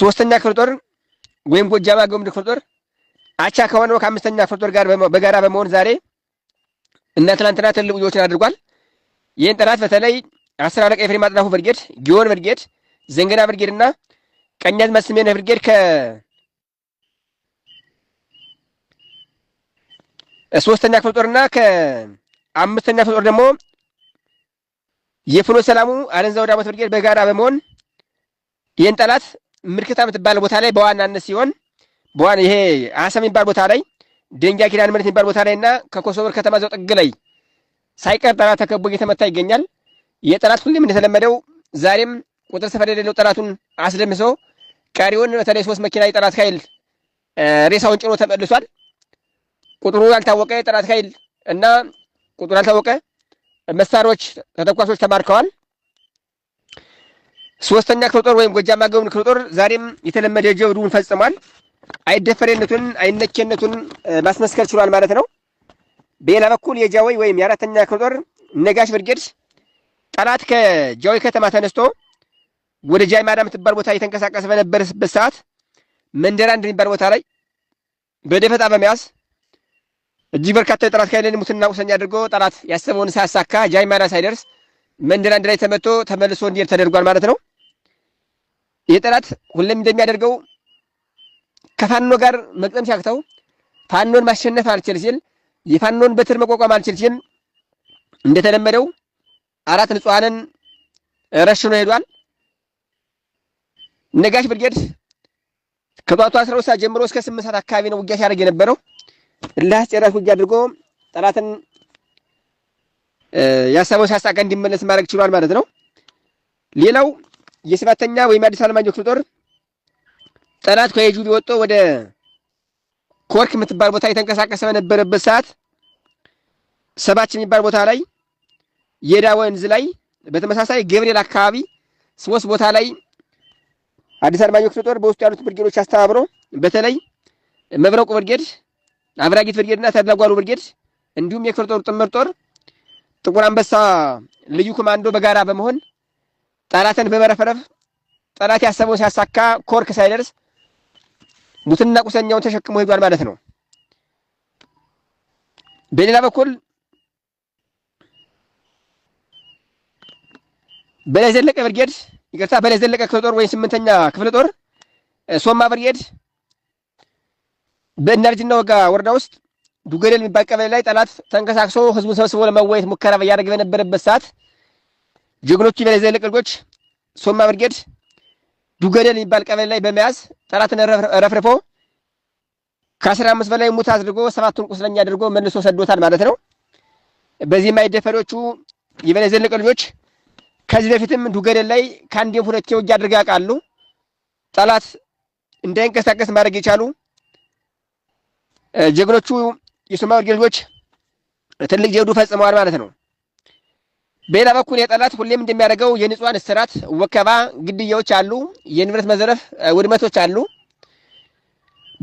ሶስተኛ ክፍለ ጦር ወይም ጎጃም አገው ምድር ክፍለ ጦር አቻ ከሆነው ከአምስተኛ ክፍለ ጦር ጋር በጋራ በመሆን ዛሬ እና ትናንትና ትልቅ ውጊያዎችን አድርጓል። ይህን ጠላት በተለይ አስር አለቃ የፍሬ ማጥናፉ ብርጌድ፣ ጊዮን ብርጌድ፣ ዘንገና ብርጌድ እና ቀኛዝማች ስሜነህ ብርጌድ ከሶስተኛ ክፍለ እና ከአምስተኛ ክፍለ ጦር ደግሞ የፍኖ ሰላሙ አረንዛው ወዳሞት ብርጌድ በጋራ በመሆን ይህን ጠላት ምልክታ የምትባል ቦታ ላይ በዋናነት ሲሆን በዋና ይሄ አሰም የሚባል ቦታ ላይ ደንጃ ኪዳን ምሕረት የሚባል ቦታ ላይ እና ከኮሶበር ከተማ ዘው ጥግ ላይ ሳይቀር ጠላት ተከቦ እየተመታ ይገኛል። የጠላት ሁሌም እንደተለመደው ዛሬም ቁጥር ስፍር የሌለው ጠላቱን አስደምሶ ቀሪውን በተለይ ሶስት መኪና የጠላት ኃይል ሬሳውን ጭኖ ተመልሷል። ቁጥሩ ያልታወቀ የጠላት ኃይል እና ቁጥሩ ያልታወቀ መሳሪያዎች ተተኳሾች ተማርከዋል። ሶስተኛ ክፍለ ጦር ወይም ጎጃም አገው ክፍለ ጦር ዛሬም የተለመደ ጀብዱን ፈጽሟል። አይደፈሬነቱን አይነኬነቱን ማስመስከር ችሏል ማለት ነው። በሌላ በኩል የጃወይ ወይም የአራተኛ ክፍለ ጦር ነጋሽ ብርጌድ ጠላት ከጃወይ ከተማ ተነስቶ ወደ ጃይ ማዳ የምትባል ቦታ እየተንቀሳቀሰ በነበረበት ሰዓት መንደራ እንደሚባል ቦታ ላይ በደፈጣ በመያዝ እጅግ በርካታ የጠላት ካይለን ሙትና ቁሰኛ አድርጎ ጠላት ያሰበውን ሳያሳካ ጃይ ማዳ ሳይደርስ መንደራ አንድ ላይ ተመቶ ተመልሶ እንዲሄድ ተደርጓል ማለት ነው። የጥራት ሁሌም እንደሚያደርገው ከፋኖ ጋር መቅጠም ሲያቅተው ፋኖን ማሸነፍ አልችል ሲል የፋኖን በትር መቋቋም አልችል ሲል እንደተለመደው አራት ንጹሐንን ረሽኖ ሄዷል። ነጋሽ ብርጌድ ከጧቱ 12 ሰዓት ጀምሮ እስከ 8 ሰዓት አካባቢ ነው ውጊያ ሲያደርግ የነበረው። እልህ ጨራሽ ውጊያ አድርጎ ጠላትን ያሰበው ሲያሳካ እንዲመለስ ማድረግ ችሏል ማለት ነው። ሌላው የሰባተኛ ወይም አዲስ አለማየሁ ክፍለ ጦር ጠላት ከየጁቢ ወጥቶ ወደ ኮርክ የምትባል ቦታ የተንቀሳቀሰ በነበረበት ሰዓት ሰባች የሚባል ቦታ ላይ የዳ ወንዝ ላይ በተመሳሳይ ገብርኤል አካባቢ ሶስት ቦታ ላይ አዲስ አለማየሁ ክፍለ ጦር በውስጡ ያሉት ብርጌዶች አስተባብሮ በተለይ መብረቁ ብርጌድ፣ አብራጊት ብርጌድ እና ተድላጓሉ ብርጌድ እንዲሁም የክፍለ ጦር ጥምር ጦር ጥቁር አንበሳ ልዩ ኮማንዶ በጋራ በመሆን ጠላትን በመረፈረፍ ጠላት ያሰበውን ሲያሳካ ኮርክ ሳይደርስ ሙትና ቁሰኛውን ተሸክሞ ሄዷል ማለት ነው። በሌላ በኩል በላይ ዘለቀ ብርጌድ ይቅርታ፣ በላይ ዘለቀ ክፍለ ጦር ወይም ስምንተኛ ክፍለ ጦር ሶማ ብርጌድ በእናርጅና ወጋ ወረዳ ውስጥ ዱገደል የሚባል ቀበሌ ላይ ጠላት ተንቀሳቅሶ ህዝቡን ሰብስቦ ለመወየት ሙከራ እያደረገ በነበረበት ሰዓት ጀግኖቹ ዘለቀ ልጆች ሶማ ብርጌድ ዱገደል የሚባል ቀበሌ ላይ በመያዝ ጠላትን ረፍርፎ ከአስራ አምስት በላይ ሙት አድርጎ ሰባቱን ቁስለኛ አድርጎ መልሶ ሰዶታል ማለት ነው። በዚህም አይደፈሪዎቹ የበላይ ዘለቀ ልጆች ከዚህ በፊትም ዱገደል ላይ ከአንዴም ሁለቴ ውጊያ አድርገው ያውቃሉ። ጠላት እንዳይንቀሳቀስ ማድረግ የቻሉ ጀግኖቹ የሶማ ብርጌድ ልጆች ትልቅ ጀብዱ ፈጽመዋል ማለት ነው። በሌላ በኩል የጠላት ሁሌም እንደሚያደርገው የንጹሐን እስራት፣ ወከባ፣ ግድያዎች አሉ። የንብረት መዘረፍ፣ ውድመቶች አሉ።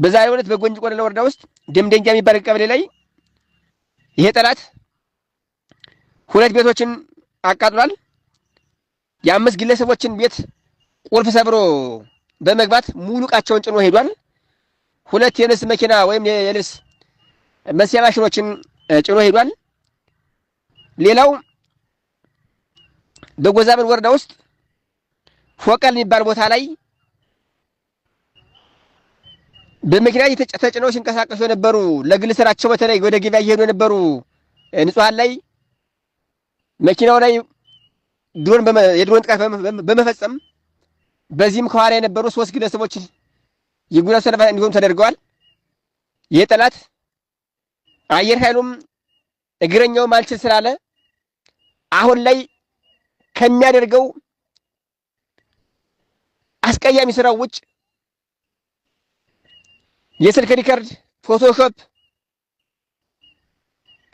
በዛሬው ዕለት በጎንጅ ቆለላ ወረዳ ውስጥ ደምደንጃ የሚባል ቀበሌ ላይ ይሄ ጠላት ሁለት ቤቶችን አቃጥሏል። የአምስት ግለሰቦችን ቤት ቁልፍ ሰብሮ በመግባት ሙሉ ዕቃቸውን ጭኖ ሄዷል። ሁለት የልብስ መኪና ወይም የልብስ መስያ ማሽኖችን ጭኖ ሄዷል። ሌላው በጎዛብል ወረዳ ውስጥ ፎቀል የሚባል ቦታ ላይ በመኪና ተጭነው ሲንቀሳቀሱ የነበሩ ለግል ስራቸው በተለይ ወደ ገበያ እየሄዱ የነበሩ ንጹሐን ላይ መኪናው ላይ ድሮን የድሮን ጥቃት በመፈጸም በዚህም ከኋላ የነበሩ ሶስት ግለሰቦች የጉዳት ሰለባ እንዲሆኑ ተደርገዋል። ይህ ጠላት አየር ኃይሉም እግረኛውም አልችል ስላለ አሁን ላይ ከሚያደርገው አስቀያሚ ስራው ውጭ የስልክ ሪከርድ፣ ፎቶሾፕ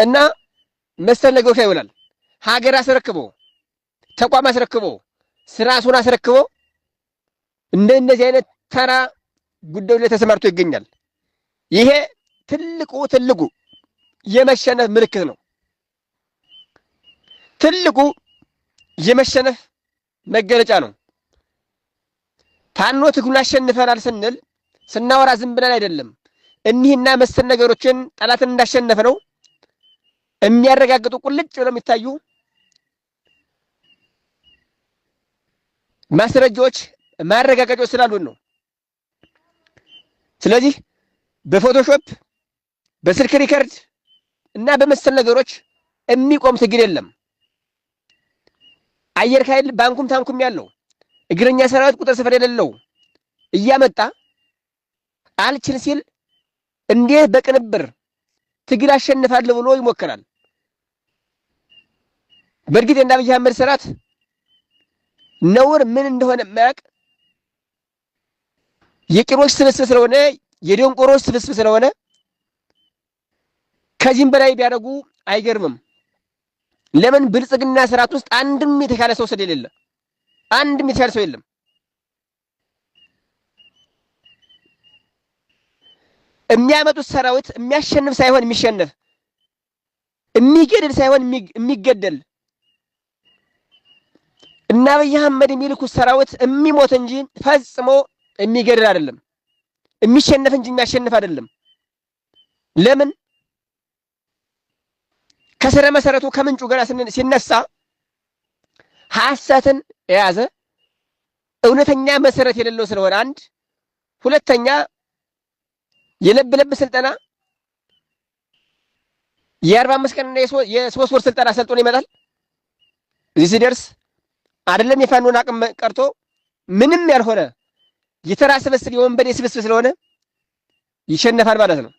እና መሰል ነገሮች ላይ ይውላል። ሀገር አስረክቦ ተቋም አስረክቦ ስራሱን አስረክቦ እንደነዚህ አይነት ተራ ጉዳዮች ላይ ተሰማርቶ ይገኛል። ይሄ ትልቁ ትልቁ የመሸነፍ ምልክት ነው። ትልቁ የመሸነፍ መገለጫ ነው። ፋኖ ትግሉን አሸንፈናል ስንል ስናወራ ዝም ብለን አይደለም። እኒህና መሰል ነገሮችን ጠላትን እንዳሸነፈ ነው የሚያረጋግጡ ቁልጭ ብለው የሚታዩ ማስረጃዎች፣ ማረጋገጫዎች ስላሉን ነው። ስለዚህ በፎቶሾፕ በስልክ ሪከርድ እና በመሰል ነገሮች የሚቆም ትግል የለም። አየር ኃይል ባንኩም ታንኩም ያለው እግረኛ ሰራዊት ቁጥር ስፍር የሌለው እያመጣ አልችል ሲል እንዴት በቅንብር ትግል አሸንፋለሁ ብሎ ይሞክራል። በእርግጥ እንደ አብይ አህመድ ሰራት ነውር ምን እንደሆነ የማያውቅ የቂሮች ስብስብ ስለሆነ የደንቆሮች ስብስብ ስለሆነ ከዚህም በላይ ቢያደርጉ አይገርምም። ለምን ብልጽግና ስርዓት ውስጥ አንድም የተሻለ ሰው ስለሌለ አንድም የተሻለ ሰው የለም። የሚያመጡት ሰራዊት የሚያሸንፍ ሳይሆን የሚሸነፍ፣ የሚገድል ሳይሆን የሚገደል እና አብይ አህመድ የሚልኩት ሰራዊት የሚሞት እንጂ ፈጽሞ የሚገድል አይደለም፣ የሚሸነፍ እንጂ የሚያሸንፍ አይደለም። ለምን ከስረ መሰረቱ ከምንጩ ገና ሲነሳ ሐሰትን የያዘ እውነተኛ መሰረት የሌለው ስለሆነ አንድ ሁለተኛ የለብ ለብ ስልጠና የአርባ አምስት ቀንና የሶስት ወር ስልጠና ሰልጦን ይመጣል። እዚህ ሲደርስ አይደለም የፋኖን አቅም ቀርቶ ምንም ያልሆነ የተራ ስብስብ የወንበዴ ስብስብ ስለሆነ ይሸነፋል ማለት ነው።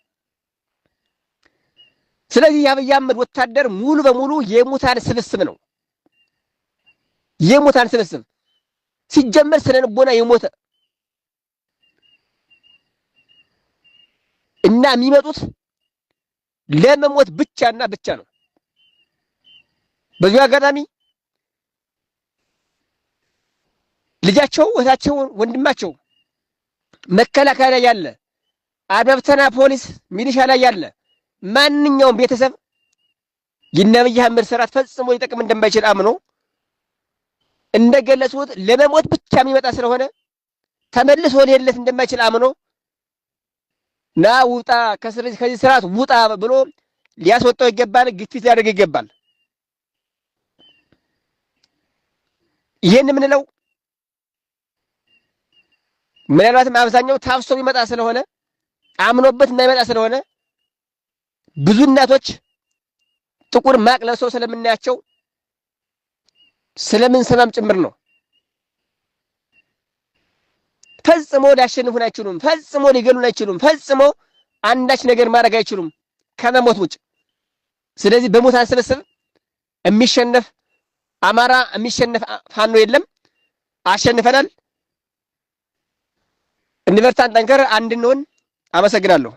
ስለዚህ የአብይ አህመድ ወታደር ሙሉ በሙሉ የሙታን ስብስብ ነው። የሙታን ስብስብ ሲጀመር ስነ ልቦና የሞተ እና የሚመጡት ለመሞት ብቻና ብቻ ነው። በዚሁ አጋጣሚ ልጃቸው ወታቸው ወንድማቸው መከላከያ ላይ ያለ አድማ ብተና ፖሊስ ሚሊሻ ላይ ያለ ማንኛውም ቤተሰብ የነብይ አህመድ ስርዓት ፈጽሞ ሊጠቅም እንደማይችል አምኖ እንደገለጹት ለመሞት ብቻ የሚመጣ ስለሆነ ተመልሶ ሊሄድለት እንደማይችል አምኖ ና ውጣ፣ ከዚህ ስርዓት ውጣ ብሎ ሊያስወጣው ይገባል፣ ግፊት ሊያደርግ ይገባል። ይህን የምንለው ምናልባትም አብዛኛው ታፍሶ የሚመጣ ስለሆነ አምኖበት የማይመጣ ስለሆነ ብዙ እናቶች ጥቁር ማቅ ለብሰው ስለምናያቸው ስለምንሰማም ጭምር ነው። ፈጽሞ ሊያሸንፉን አይችሉም። ፈጽሞ ሊገሉን አይችሉም። ፈጽሞ አንዳች ነገር ማድረግ አይችሉም ከመሞት ውጭ። ስለዚህ በሞት አንሰበስብ። የሚሸነፍ አማራ የሚሸነፍ ፋኖ የለም። አሸንፈናል። እንበርታን፣ ጠንከር፣ አንድንሆን። አመሰግናለሁ።